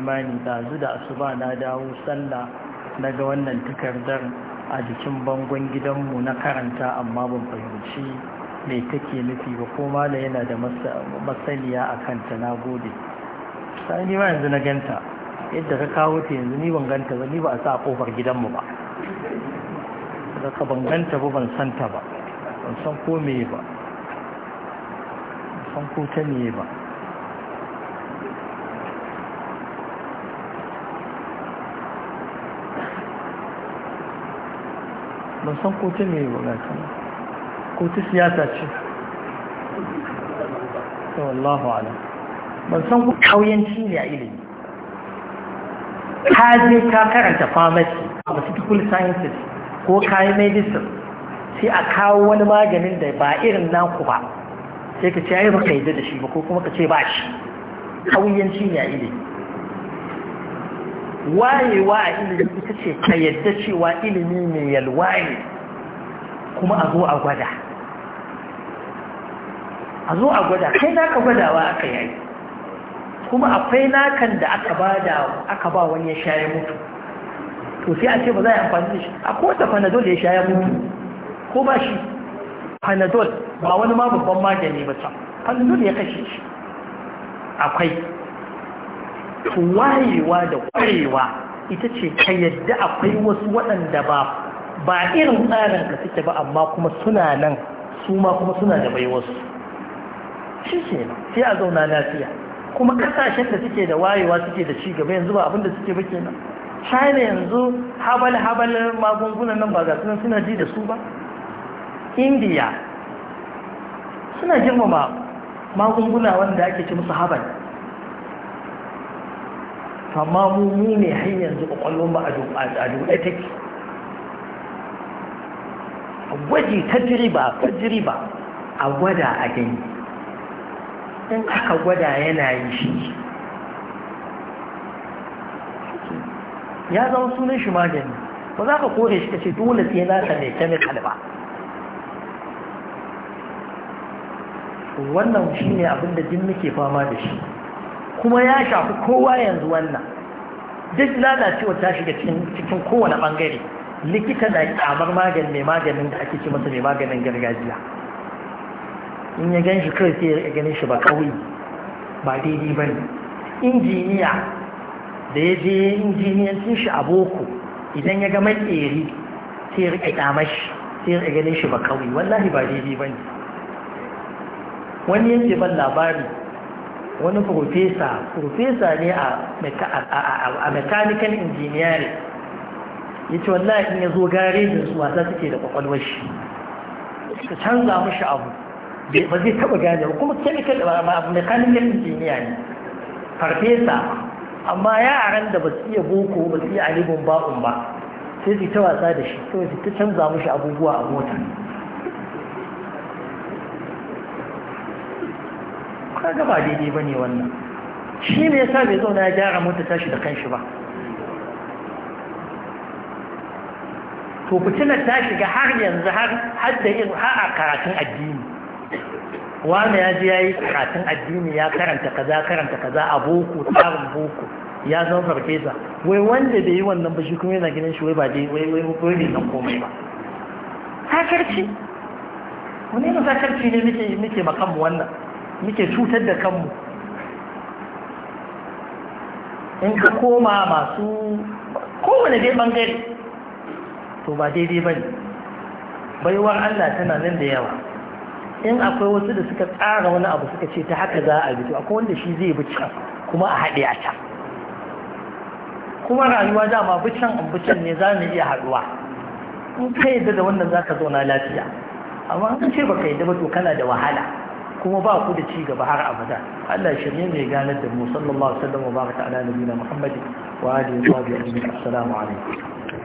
imani ɗazu da asuba na dawo sallah na ga wannan takardar a jikin bangon gidanmu na karanta amma ban fahimci mai take nufi ba ko mala yana da masaniya a kanta na gode sai ni ma yanzu na ganta yadda ka kawo ta yanzu ni ban ganta ba ni ba a sa kofar gidanmu ba daga ban ganta ba ban santa ba ban san ko me ba ban san ko ta me ba ban san kotu ne mai bukata ko ta siyasa ce ta wallahu ala ban san ko kauyanci ne a ilimi ka je ka karanta pharmacy tukul sciences ko kayan medicine sai a kawo wani maganin da ba irin naku ba sai ka ce ai ka yi da shi ba ko kuma ka ce ba shi kauyanci ne a ilimi wayewa a ilimi ita ce ta yadda cewa ilimi mai yalwaye. kuma a zo a gwada a zo a gwada kai naka gwadawa aka yayi kuma akwai nakan da aka ba da aka ba wani ya shaye mutu to sai a ce ba za a yi amfani da shi a kowace panadol ya shaye mutu ko ba shi panadol ba wani ma babban magani ba can panadol ya kashe shi akwai wayewa da kwarewa ita ce ka yadda akwai wasu waɗanda ba ba irin tsarin ka suke ba amma kuma suna nan su ma kuma suna da bai wasu shi ke sai a zauna lafiya kuma kasashen da suke da wayewa suke da gaba yanzu ba abinda suke ba kenan china yanzu habal habal magungunan nan ba ga sunan suna ji da su ba india suna girmama magunguna wanda ake ci musu habal amma mu mu ne har yanzu kwakwalwar ba a duɗe take gwaji ta tajriba a gwada a gani in aka gwada yana yi shi ya zama sunan shi magani ba za ka kore shi ka ce dole sai na ka mai chemical ba wannan shi ne abinda jin muke fama da shi kuma ya shafi kowa yanzu wannan duk lalacewa ta shiga cikin kowane bangare likita na kyamar magani mai maganin da ake ce masa mai maganin gargajiya in ya gan shi kai sai ya ganin shi ba kauye ba daidai ba ne injiniya da ya je injiniyancin shi a boko idan ya ga tsere sai ya rika kyamar shi sai ya ganin shi ba kauye wallahi ba daidai ba ne wani yanke ban labari wani profesa profesa ne a a mechanical engineering ya ce wallahi in ya zo garejin su wasa suke da kwakwalwar shi suka canza mashi abu ba zai taba gane ba kuma chemical mechanical engineer ne farfesa amma yaran da ba su iya boko ba su iya alibin ba'un ba sai su ta wasa da shi sai su ta canza mashi abubuwa a mota kaga ba daidai ba ne wannan shi ne yasa bai zauna ya gyara mota tashi da kanshi ba to fitinar ta shiga har yanzu har hadda yin, har a karatun addini wani ya ji ya yi karatun addini ya karanta kaza karanta kaza a boko tsarin boko ya zama farfesa wai wanda bai yi wannan ba shi kuma yana ginin shi wai ba dai wai wai wai ne san komai ba sakarci wani yana sakarci ne muke muke makanmu wannan muke cutar da kanmu in ka koma masu kowane dai bangare to ba daidai ba ne baiwar Allah tana nan da yawa in akwai wasu da suka tsara wani abu suka ce ta haka za a bito akwai wanda shi zai bi can kuma a haɗe a can kuma rayuwa dama bi can an bi ne za mu iya haɗuwa in ka yi da wannan za ka zauna lafiya amma an ce ba ka da ba to kana da wahala kuma ba ku da ci gaba har abada Allah shirye mai ganar da mu sallallahu alaihi wa sallam wa baraka ala nabiyina Muhammad wa alihi wa sahbihi assalamu alaikum